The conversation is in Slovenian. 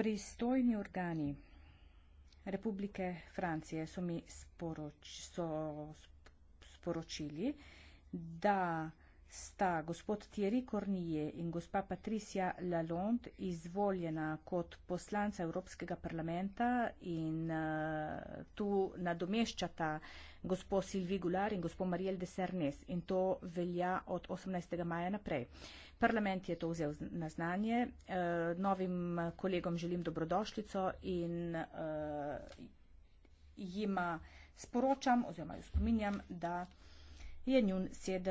Pristojni organi Republike Francije so mi sporoč, so sporočili, da sta gospod Thierry Cornier in gospa Patricia Lalonde izvoljena kot poslanca Evropskega parlamenta in tu nadomeščata gospod Silvi Gular in gospod Marijel de Sernes in to velja od 18. maja naprej. Parlament je to vzel na znanje. Eh, novim kolegom želim dobrodošlico in eh, jima sporočam oziroma jo spominjam, da je njun sedem.